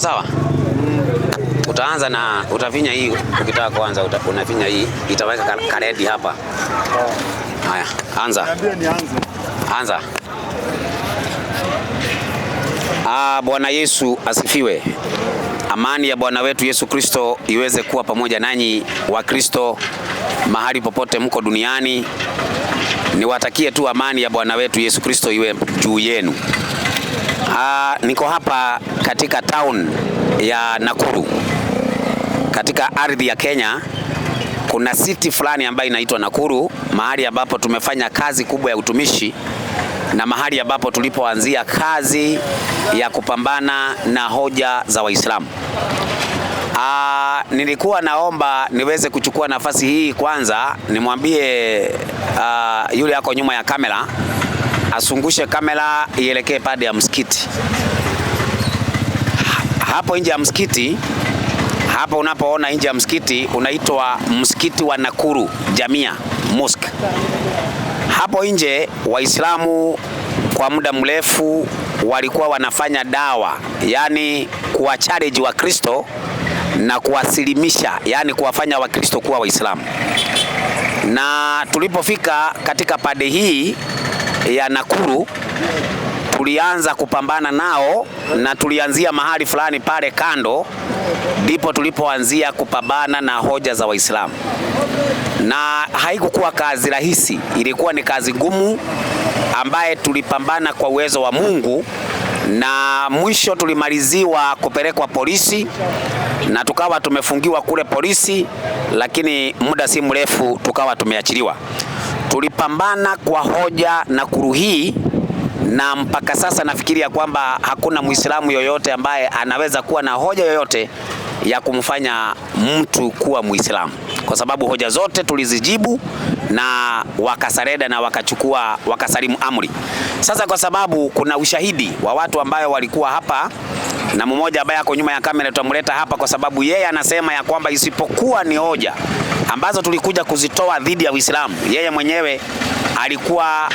Sawa utaanza na utafinya hii. Ukitaka kuanza unafinya hii, itaweka karedi hapa. Haya, anza anza. Ah, Bwana Yesu asifiwe. Amani ya Bwana wetu Yesu Kristo iweze kuwa pamoja nanyi wa Kristo mahali popote mko duniani. Niwatakie tu amani ya Bwana wetu Yesu Kristo iwe juu yenu. Ah, niko hapa katika town ya Nakuru katika ardhi ya Kenya kuna city fulani ambayo inaitwa Nakuru, mahali ambapo tumefanya kazi kubwa ya utumishi na mahali ambapo tulipoanzia kazi ya kupambana na hoja za Waislamu. Aa, ah, nilikuwa naomba niweze kuchukua nafasi hii kwanza nimwambie ah, yule ako nyuma ya kamera asungushe kamera ielekee pande ya msikiti hapo nje ya msikiti hapo unapoona nje ya msikiti unaitwa msikiti wa Nakuru Jamia Mosque. Hapo nje Waislamu kwa muda mrefu walikuwa wanafanya dawa, yaani wa Wakristo na kuwasilimisha, yaani kuwafanya Wakristo kuwa Waislamu. Na tulipofika katika pade hii ya Nakuru tulianza kupambana nao na tulianzia mahali fulani pale kando, ndipo tulipoanzia kupambana na hoja za Waislamu, na haikukuwa kazi rahisi, ilikuwa ni kazi ngumu ambaye tulipambana kwa uwezo wa Mungu na mwisho tulimaliziwa kupelekwa polisi na tukawa tumefungiwa kule polisi, lakini muda si mrefu tukawa tumeachiliwa. Tulipambana kwa hoja na kuruhii hii na mpaka sasa nafikiria kwamba hakuna Muislamu yoyote ambaye anaweza kuwa na hoja yoyote ya kumfanya mtu kuwa Muislamu, kwa sababu hoja zote tulizijibu na wakasareda na wakachukua wakasalimu amri. Sasa kwa sababu kuna ushahidi wa watu ambayo walikuwa hapa na mmoja ambaye ako nyuma ya kamera tutamleta hapa, kwa sababu yeye anasema ya kwamba isipokuwa ni hoja ambazo tulikuja kuzitoa dhidi ya Uislamu, yeye mwenyewe alikuwa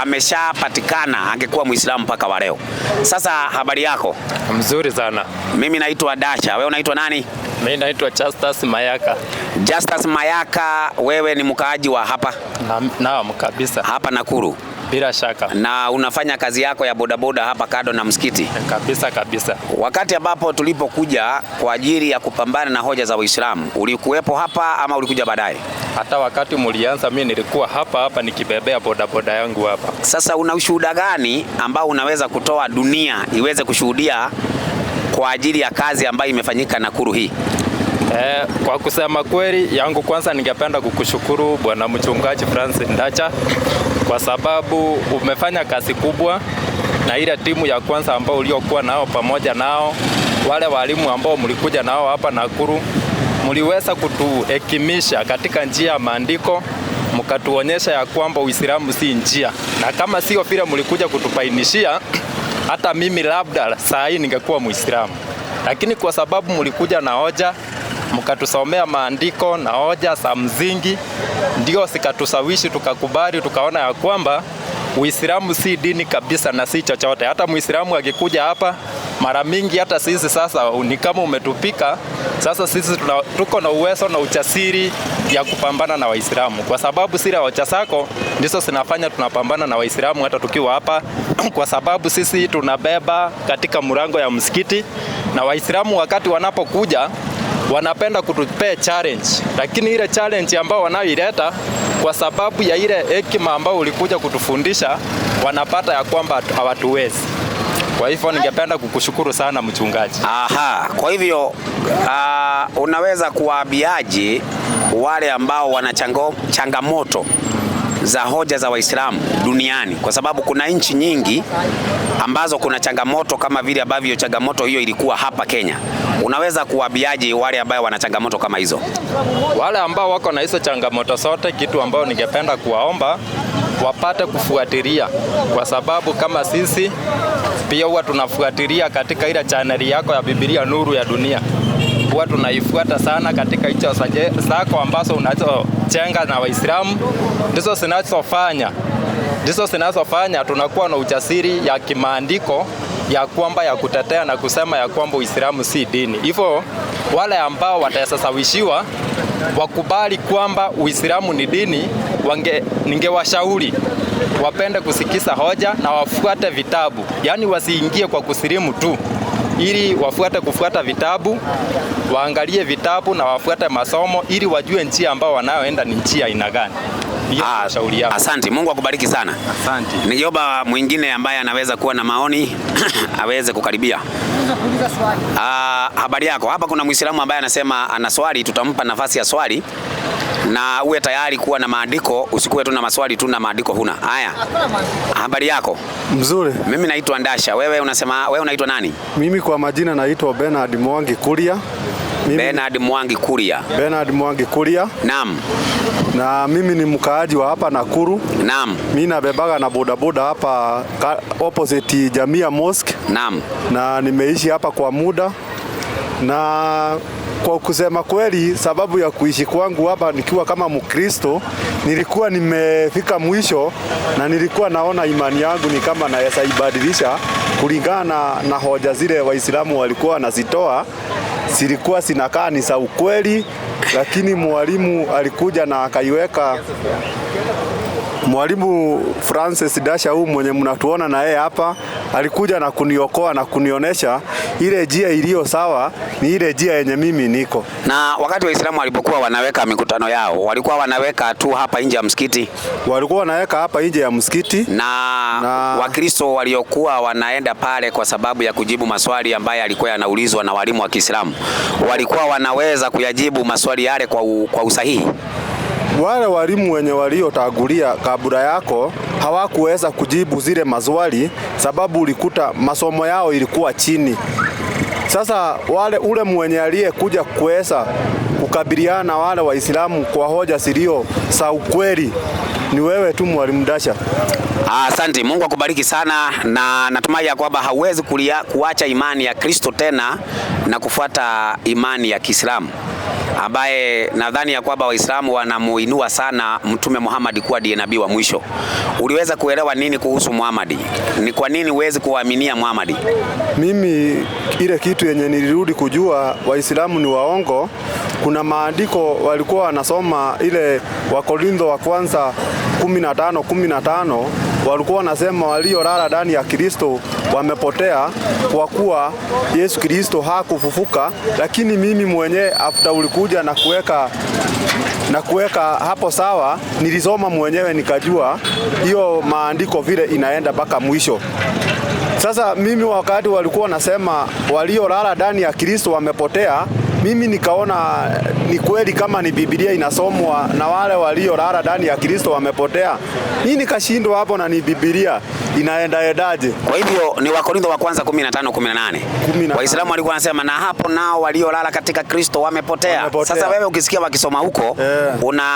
ameshapatikana angekuwa Muislamu mpaka wa leo. Sasa habari yako? Mzuri sana. Mimi naitwa Dasha, wewe unaitwa nani? Mimi naitwa Justus Mayaka. Justus Mayaka, wewe ni mkaaji wa hapa? Naam, na, kabisa. Hapa Nakuru. Bila shaka. Na unafanya kazi yako ya bodaboda hapa kado na msikiti? Kabisa kabisa. Wakati ambapo tulipokuja kwa ajili ya kupambana na hoja za Uislamu, ulikuwepo hapa ama ulikuja baadaye? Hata wakati mulianza mimi nilikuwa hapa hapa nikibebea bodaboda yangu hapa. Sasa una ushuhuda gani ambao unaweza kutoa dunia iweze kushuhudia kwa ajili ya kazi ambayo imefanyika Nakuru hii? Eh, kwa kusema kweli yangu kwanza ningependa kukushukuru Bwana Mchungaji Francis Ndacha kwa sababu umefanya kazi kubwa na ile timu ya kwanza ambao uliokuwa nao pamoja nao wale walimu ambao mlikuja nao hapa Nakuru, mliweza kutuhekimisha katika njia ya maandiko, mkatuonyesha ya kwamba Uislamu si njia, na kama sio vile mlikuja kutubainishia, hata mimi labda saa hii ningekuwa Muislamu, lakini kwa sababu mlikuja na hoja mkatusomea maandiko na hoja za msingi, ndio sikatusawishi tukakubali, tukaona ya kwamba Uislamu si dini kabisa na si chochote. Hata Muislamu akikuja hapa mara mingi, hata sisi sasa ni kama umetupika. Sasa sisi tuna, tuko na uwezo na ujasiri ya kupambana na Waislamu kwa sababu sira hoja zako ndizo zinafanya tunapambana na Waislamu hata tukiwa hapa, kwa sababu sisi tunabeba katika mlango ya msikiti na Waislamu wakati wanapokuja wanapenda kutupea challenge, lakini ile challenge ambayo wanayoileta kwa sababu ya ile hekima ambayo ulikuja kutufundisha, wanapata ya kwamba hawatuwezi. Kwa hivyo ningependa kukushukuru sana mchungaji. Aha, kwa hivyo uh, unaweza kuwaambiaje wale ambao wana changamoto za hoja za Waislamu duniani, kwa sababu kuna nchi nyingi ambazo kuna changamoto kama vile ambavyo changamoto hiyo ilikuwa hapa Kenya. Unaweza kuwabiaje wale ambao wana changamoto kama hizo? Wale ambao wako na hizo changamoto zote, kitu ambayo ningependa kuwaomba wapate kufuatilia, kwa sababu kama sisi pia huwa tunafuatilia katika ile chaneli yako ya Biblia Nuru ya Dunia, huwa tunaifuata sana katika hicho zako ambazo unazo Wachenga na Waislamu, ndizo zinazofanya ndizo zinazofanya tunakuwa na ujasiri ya kimaandiko ya kwamba ya kutetea na kusema ya kwamba Uislamu si dini. Hivyo wale ambao watasasawishiwa wakubali kwamba Uislamu ni dini, wange ningewashauri wapende kusikiza hoja na wafuate vitabu, yaani wasiingie kwa kusilimu tu, ili wafuate kufuata vitabu waangalie vitabu na wafuate masomo ili wajue njia ambao wanayoenda ni njia aina gani. Ah, asante. Mungu akubariki sana. Asante. Niomba mwingine ambaye anaweza kuwa na maoni aweze kukaribia. Ah, habari yako. Hapa kuna Muislamu ambaye anasema ana swali, tutampa nafasi ya swali na uwe tayari kuwa na maandiko, usikuwe tu na maswali tu na maandiko huna. Haya, habari yako? Mzuri. Mimi naitwa Ndasha. Wewe unasema, wewe unaitwa nani? Mimi kwa majina naitwa Bernard Mwangi Kuria. Bernard Mwangi Kuria. Bernard Mwangi Kuria. Naam. Na mimi ni mkaaji wa hapa Nakuru. Naam. Mimi nabebaga na bodaboda hapa opposite Jamia Mosque. Naam. Na nimeishi hapa kwa muda na kwa kusema kweli, sababu ya kuishi kwangu hapa nikiwa kama Mkristo, nilikuwa nimefika mwisho na nilikuwa naona imani yangu ni kama naweza ibadilisha kulingana na hoja zile Waislamu walikuwa wanazitoa silikuwa sinakaa ni za ukweli, lakini mwalimu alikuja na akaiweka Mwalimu Francis Dasha huu mwenye mnatuona na yeye hapa alikuja na kuniokoa na kunionyesha ile njia iliyo sawa ni ile njia yenye mimi niko. Na wakati Waislamu walipokuwa wanaweka mikutano yao, walikuwa wanaweka tu hapa nje ya msikiti, walikuwa wanaweka hapa nje ya msikiti na, na... Wakristo waliokuwa wanaenda pale kwa sababu ya kujibu maswali ambayo yalikuwa yanaulizwa na walimu wa Kiislamu walikuwa wanaweza kuyajibu maswali yale kwa, u, kwa usahihi wale walimu wenye waliotangulia kabla yako hawakuweza kujibu zile maswali, sababu ulikuta masomo yao ilikuwa chini. Sasa wale ule mwenye aliyekuja kuweza kukabiliana na wale Waislamu kwa hoja zilio za ukweli ni wewe tu Mwalimu Dasha. Asante, Mungu akubariki sana, na natumai ya kwamba hauwezi kuacha imani ya Kristo tena na kufuata imani ya Kiislamu ambaye nadhani ya kwamba Waislamu wanamuinua sana Mtume Muhammad kuwa ndiye nabii wa mwisho. Uliweza kuelewa nini kuhusu Muhammad? Ni kwa nini huwezi kuwaaminia Muhammad? Mimi ile kitu yenye nilirudi kujua Waislamu ni waongo. Kuna maandiko walikuwa wanasoma ile Wakorintho wa kwanza 15 15 walikuwa wanasema waliolala ndani ya Kristo wamepotea, kwa kuwa Yesu Kristo hakufufuka. Lakini mimi mwenyewe afta ulikuja na kuweka na kuweka hapo sawa, nilisoma mwenyewe nikajua hiyo maandiko vile inaenda mpaka mwisho. Sasa mimi wakati walikuwa wanasema waliolala ndani ya Kristo wamepotea mimi nikaona ni kweli kama ni Biblia inasomwa na wale waliolala ndani ya Kristo wamepotea. Mimi nikashindwa hapo na ni Biblia inaendaendaje? Kwa hivyo ni Wakorintho wa kwanza 15 18. Waislamu walikuwa wanasema na hapo nao waliolala katika Kristo wamepotea. Wamepotea. Sasa wewe ukisikia wakisoma huko yeah, una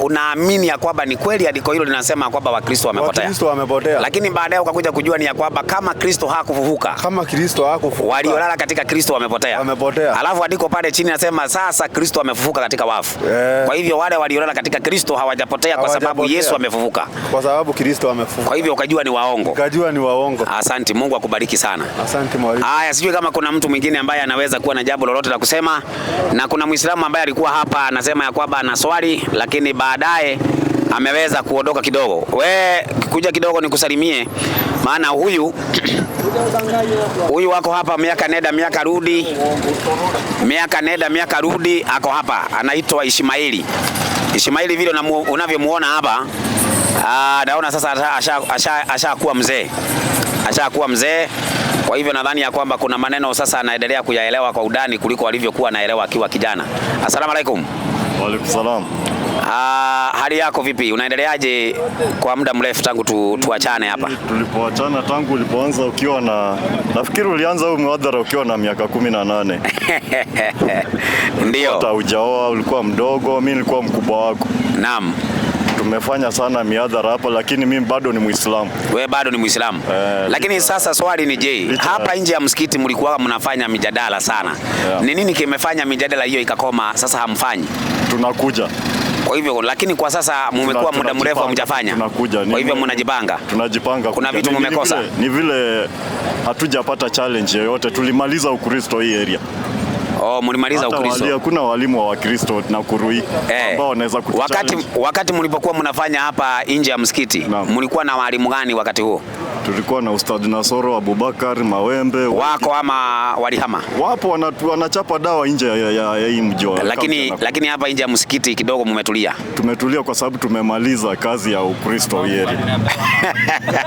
unaamini ya kwamba ni kweli andiko hilo linasema kwamba Wakristo wamepotea. Wakristo wamepotea. Lakini baadaye ukakuja kujua ni ya kwamba kama Kristo hakufufuka, kama Kristo hakufufuka, waliolala katika Kristo wamepotea. Wamepotea. Alafu andiko pale chini nasema sasa Kristo amefufuka katika wafu. Yeah. Kwa hivyo wale waliolala katika Kristo hawajapotea, hawajapotea kwa sababu Yesu amefufuka. Kwa sababu Kristo amefufuka. Kwa hivyo ukajua ni wa waongo. Gajua ni waongo. Asante, Mungu akubariki sana. Asante mwalimu. Haya, sijui kama kuna mtu mwingine ambaye anaweza kuwa na jambo lolote la kusema, na kuna Muislamu ambaye alikuwa hapa anasema ya kwamba ana swali lakini baadaye ameweza kuondoka kidogo. We kuja kidogo nikusalimie, maana huyu huyu wako hapa miaka nenda miaka rudi, miaka nenda miaka rudi, ako hapa anaitwa Ishmaili. Ishmaili vile unavyomuona hapa Ah, naona sasa ashakuwa asha, mzee ashakuwa mzee, kwa hivyo nadhani ya kwamba kuna maneno sasa anaendelea kuyaelewa kwa udani kuliko alivyokuwa anaelewa akiwa kijana. Asalamu alaikum. Wa alaikum salam. Ah, hali yako vipi? Unaendeleaje kwa muda mrefu tangu tu, tuachane hapa? Tulipoachana tangu ulipoanza ukiwa na nafikiri ulianza huu mwadhara ukiwa na miaka kumi na nane. Ndio. Hata hujaoa, ulikuwa mdogo, mimi nilikuwa mkubwa wako. Naam tumefanya sana miadhara hapa, lakini mimi bado ni Muislamu. Wewe bado ni Muislamu eh, lakini lita. Sasa swali ni je, hapa nje ya msikiti mlikuwa mnafanya mijadala sana yeah. Ni nini kimefanya mijadala hiyo ikakoma? Sasa hamfanyi? Tunakuja kwa hivyo lakini kwa sasa mmekuwa muda mrefu hamjafanya, kwa hivyo mnajipanga. Tunajipanga, kuna vitu mmekosa. Ni vile hatujapata challenge yoyote, tulimaliza Ukristo hii area. Oh, mlimaliza Ukristo. Hakuna walimu wa Wakristo na kurui eh, ambao wanaweza kutu wakati, wakati mlipokuwa mnafanya hapa nje ya msikiti mlikuwa na walimu gani wakati huo? Tulikuwa na Ustad Nasoro Abubakar Mawembe wako ama walihama? Wapo wanatu, wanachapa dawa nje ya, ya, ya, hii mji lakini, lakini hapa nje ya msikiti kidogo mmetulia. Tumetulia kwa sababu tumemaliza kazi ya Ukristo Yeri.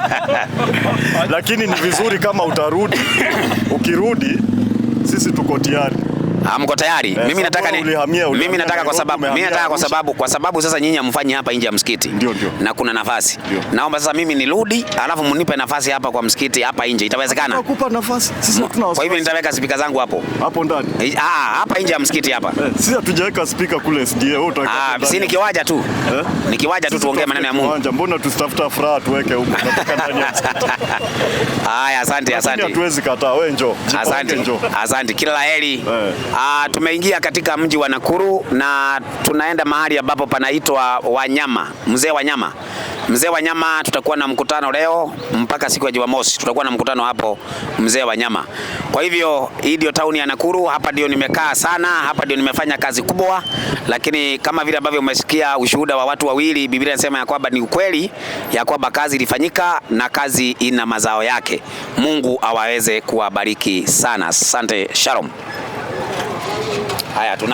Lakini ni vizuri kama utarudi, ukirudi sisi tuko tayari. Hamko ah, tayari? Yes, eh, mimi nataka ni, ulihamia, ulihamia, mimi nataka kwa sababu mimi nataka kwa sababu kwa sababu sasa nyinyi hamfanyi hapa nje ya msikiti. Ndio, ndio. Na kuna nafasi. Naomba sasa mimi nirudi, alafu mnipe nafasi hapa kwa msikiti hapa nje. Itawezekana? Nakupa nafasi. Sisi hatuna Kwa hivyo nitaweka spika zangu hapo. Hapo ndani. Eh, ah, ah, hapa nje ya msikiti hapa. Eh, sisi hatujaweka spika kule SDA. Wewe utaweka. Ah, si nikiwaja tu. Eh? Nikiwaja tu tuongee maneno ya Mungu. Mbona tusitafuta furaha tuweke huko? Nataka ndani ya msikiti. Haya, asante, asante. Hatuwezi kataa. Wewe njoo. Asante. Asante. Kila laheri. Eh. Uh, tumeingia katika mji wa Nakuru na tunaenda mahali ambapo panaitwa Wanyama, mzee wa nyama, mzee wa nyama. Tutakuwa na mkutano leo mpaka siku ya Jumamosi, tutakuwa na mkutano hapo mzee wa nyama. Kwa hivyo hii ndio tauni ya Nakuru, hapa ndio nimekaa sana, hapa ndio nimefanya kazi kubwa, lakini kama vile ambavyo umesikia ushuhuda wa watu wawili, Biblia inasema ya kwamba ni ukweli ya kwamba kazi ilifanyika na kazi ina mazao yake. Mungu awaweze kuwabariki sana. Asante, Shalom. Ah, adiós.